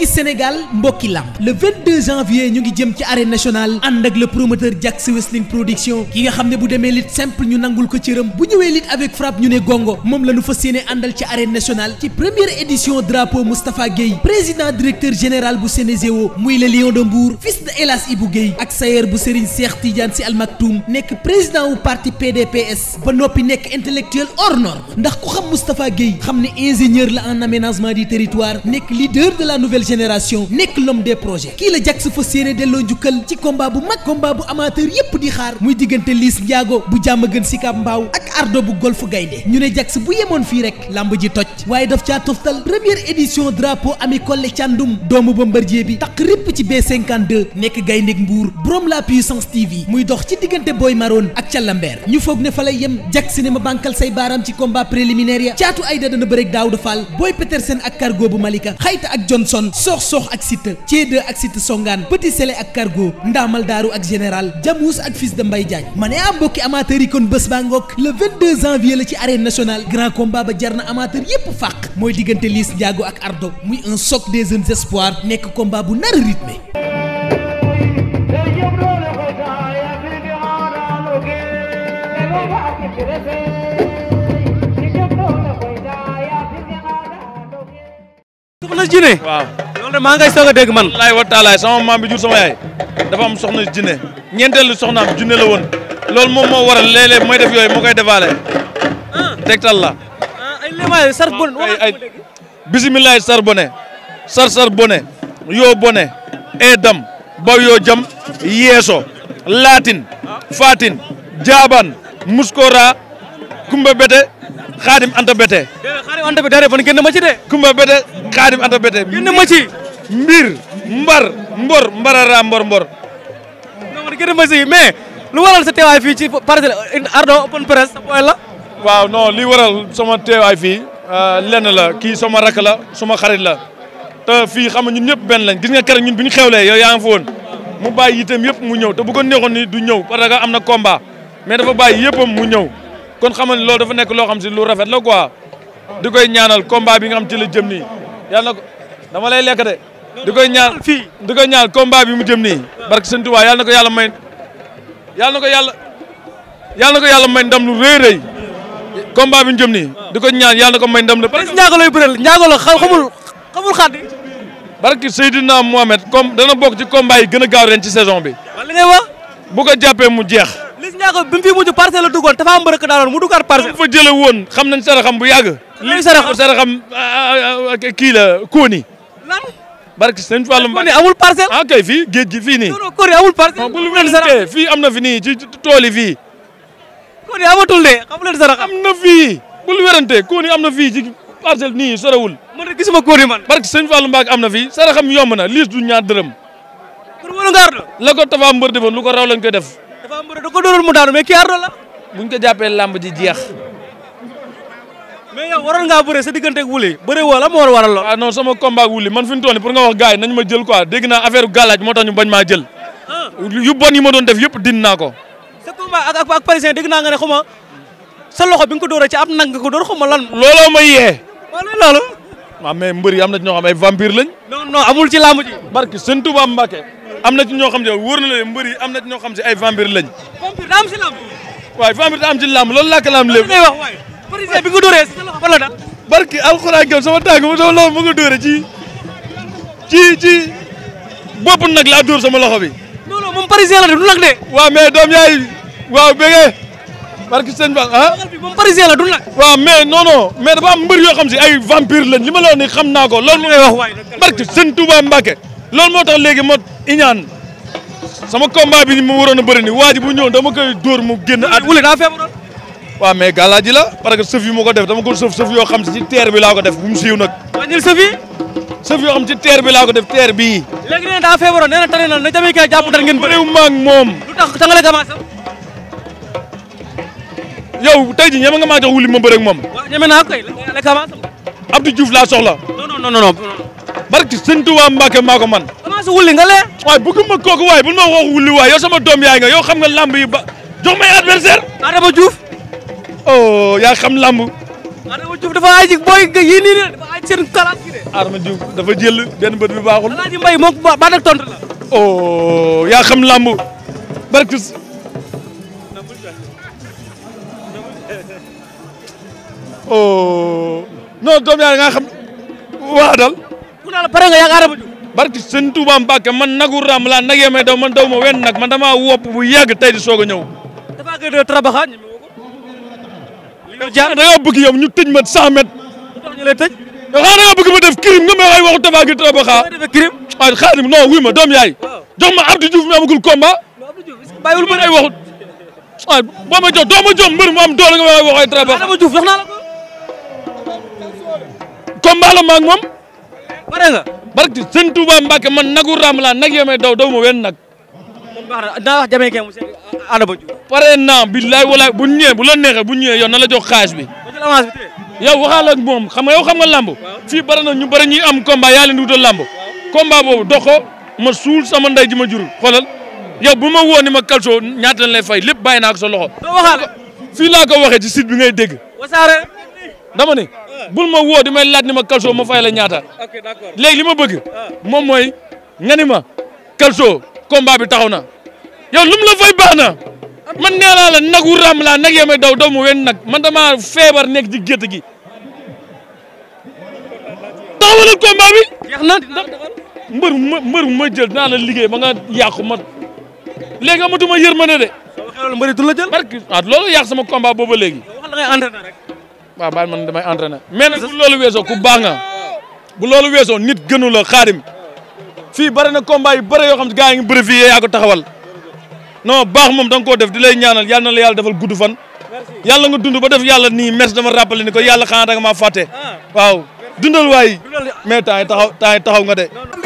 mbokki Sénégal mbokki lamb le 22 janvier ñu ngi jëm ci arène nationale ànd ak le promoteur Jack Wrestling production ki nga xam ne bu demee lit simple ñu nangul ko cëram bu ñëwee lit avec frappe ñu ne gongo moom la ñu fas yéene àndal ci arène national ci première édition drapeau Moustapha Guèye président directeur général bu Sénézéo muy le lion de Mbour fils de Elas Ibou Guèye ak sayer bu Serigne Cheikh Tidiane si Al Maktoum nekk président wu parti PDPS ba noppi nekk intellectuel hors ndax ku xam Moustapha Guèye xam ne ingénieur la en aménagement du nekk leader la nouvelle génération nekk l'homme de projet kii la Jax fas yéene delloo njukkal ci combat bu mag combat bu amateur yépp di xaar muy diggante Liss Ndiago bu jàmm gën Sicap Mbao ak Ardo bu Golf Gaynde ñu ne Jax bu yemoon fii rek lamb ji toj waaye daf caa toftal première édition drapeau ami Collé Thiandoum doomu Bombardier bi taq ripp ci B52 nekk gaynde Mbour boroom la puissance TV muy dox ci diggante booy Maroon ak Calambeer ñu foog ne fa lay yem Jax ne ma bankal say baaraam ci combat préliminaire ya caatu Ayda dana bëreeg Daouda Fall Boy Petersen bu Malika xayta ak Johnson sox-sox ak site ceede ak site songaan petit sele ak cargo ndaamal daaru ak général jamuus ak fils de mbay jaañ ma ne am ah, mbokki amateur yi kon bés baa ngoog le janvier la ci arène nationale grand combat ba jar na amateur yépp fàq mooy diggante liis njaago ak ardo muy un choc des jeunes nekk combat bu nar a maa ngay soog a dégg man. wallaahi wa taalaay sama maam bi jur sama yaay dafa soxna jinne ñeenteelu soxnaam junne woon loolu moom moo waral léeg mooy def yooyu moo koy defaale. Ah. tegtal la. Ah, ay léemaay sar bone sar sar bone yoo bone eedam baw jam yeeso laatin fatin jaaban muskora kumba bete xaadim anta bete xaadim anta bete fan génn ma ci de kumba bete xaadim anta bete génn ma ci mbir mbar mbor mbarara mbor mbor non génn ma ci mais lu waral sa teewaay fii ci Parcelles Ardo open press sa booy la waaw non li waral sama teewaay fii euh, lenn la kii sama rakk la sama xarit la te fii xam nga ñun ñëpp benn lañ gis nga keroog ñun bi ñu xewlee yow yaa ngi fa mu bàyyi yitam yëpp mu ñëw te bu ko neexoon du ñëw parce que am na combat mais dafa bàyyi yëppam mu ñëw kon xam nga loolu dafa nekk loo xam si lu rafet la ko di koy bi nga xam ci la jëm yàlla na ko dama lay lekk de. di koy ñaan di koy ñaan combat bi mu jëm nii. barke sëñ Tuubaa yàlla na ko yàlla may yàlla na ko yàlla yàlla na ko yàlla may ndam lu rëy rëy combat bi mu jëm ni di ñaan yàlla na ko may ndam la. parce que ñaaga lay bëreel ñaaga la xamul xamul xaddi. barke Seydina Mohamed comme dana bokk ci combat yi gën a gaaw ren ci saison bi. li ngay wax. bu ko jàppee mu jeex. Liss Ndiago bi mu fi mujj parcelle la duggoon dafa am mbërëk mu fa jëlee woon xam na sara xam bu yàgg. lii sarax saraxam euh, euh, kii la Koni. lan barke sëñ Fallou Mbacké amul parcelle. ah kay fii géej gi fii nii. non non Koni amul parcelle. bu lu leen fii am na fi nii ci tool yi fii. Koni amatul de xamu leen sarax am na fii bu lu werante Koni am na fii ci parcelle nii sorewul. man de gisuma Koni man. barke sëñ Fallou Mbacké am na fii saraxam yomb na liis du ñaar dërëm. pour wala nga ardo. la ko Tafa Mbër defoon lu ko raw lañ koy def. Tafa Mbër da ko dóoroon mu daanu mais kii ardo la. buñ ko jàppee làmb ji jeex. mais yow waroon ngaa bëre sa diggante ak Wouly bëre woo la moo war waral ah non sama combat ak man fi mu toll nga wax gars yi nañ ma jël quoi dégg naa affaire galaaj moo tax bañ maa jël. Ah. yu bon yi doon def yëpp din naa ko. sa combat ak ak parisien dégg naa nga ne xuma sa loxo bi nga ko dóora ci ab nag ko dóor xuma lan. looloo ma yee. wala loolu. waaw ah, mais mbër yi am na ci ñoo xam ay vampire lañ. non non amul ci làmb ji. barke sëñ Touba am na ci xam ne wóor na leen mbër yi am na ci ñoo xam si ay vampire lañ. vampire daa am si làmb. waaye vampire daa am ci président bi nga dóoree si sa loxo fan la dal. barki alxuraan gam sama ma sama loxo ma nga dóoree ci ci ci bopp nag laa dóor sama loxo bi. non non moom parisien la de du nag de. waaw mais doom yaay waaw bëggee barki sëñ Ba ah. moom parisien la du nag. waaw mais non non mais dafa am yoo xam si ay vampire li ma la wax ni xam naa ko loolu. ngay wax waay barki sëñ Touba Mbacke. loolu moo tax léegi ma iñaan sama combat bi ni mu waroon a bëri ni waa ji bu ñëw dama koy dóor mu génn. at wule daa feebaroon. waaw mais gàllaa ji la parce que sëf yi ma ko def dama ko sëf sëf yoo xam ci teer bi laa ko def bu mu siiw nag. teer bi laa ko nee na daa feebaroon nee na tane na na jamee kay jàpp dal ngeen. bëriw maag moom. lu tax da nga la gamaas tey jii ñeme nga maa jox wuli ma bëre moom. waaw ñeme naa koy laa soxla. non non non non. barki sëñ maa ko man. gamaas wuli nga lee. waaye bëgguma kooku waaye bul ma wax wuli waaye yow sama doom yaay nga yow xam nga lamb yi ba jox may adversaire. oh yaa xam lamb. Adama Diouf dafa aay ci booy yii nii de dafa aay seen kalaat gi de. Adama Diouf dafa jël benn bët bi baaxul. Alaaji Mbaye moom ba nag oh, yaa xam lamb barke. oh non doom man nagu ram laa nag yemee daw man daw ma wenn nag man dama wopp bu yàgg tey di soog a ñëw. da ngaa bëgg ñu tëj ma 100 mètres. lu da ngaa bëgg ma def crime nga may wax ay waxu Tapha Gueye Tapha Xaa. doom yaay. jox ma Abdou Diouf mi amagul combat. bàyyiwul bëri ay waxut. waaw boo ma jox man nagu Ram laa nag yemee daw ma wenn nag. ànd ba jub. pare naa billaay walaay bu ñëwee bu la neexee bu ñëwee yow na la jox xaalis bi. yow waxaal ak moom xam nga yow xam nga lamb. fii bari na ñu bari ñuy am combat yaa leen di wutal lamb. combat boobu ko ma suul sama ndey ji ma jurul xoolal yow bu ma woo ni ma Calcio ñaata lañ lay fay lépp bàyyi naa ko sa loxo. doo waxaale waxee ci site bi ngay dégg. wasaare. dama ne ah. bul ma woo di may laaj ni ma Calcio ma fay ñaata. ok d'accord ma bëgg. Ah. moom mooy nga ni ma Calcio combat bi taxaw na. yow lu la fay baax na man nee naa la nag wu laa nag yemee daw daw mu wen nag man dama feebar nekk ci gétt gi. taxawalal combat bi. jeex na ndax mbër ma mbër ma jël dinaa la liggéey ba nga yàqu ma léegi amatuma yërmande de. loolu mbëri du la jël. parce que ah yàq sama combat booba léegi. wax dangay entraîner rek. waaw baal man damay entraîner. mais nag bu loolu weesoo ku baax bu loolu weesoo nit gënu la xaarim fii bëri na combat yu bëri yoo xam ne gars yi ngi bëri fii taxawal. non baax moom da nga koo def di lay ñaanal yal na la yàlla defal gudd fan. yàlla nga dund ba def yàlla nii mes dama rappelé ni ko yàlla xanaa da nga maa fàtte. Ah. waaw dundal waay mais temps yi taxaw temps yi taxaw nga de.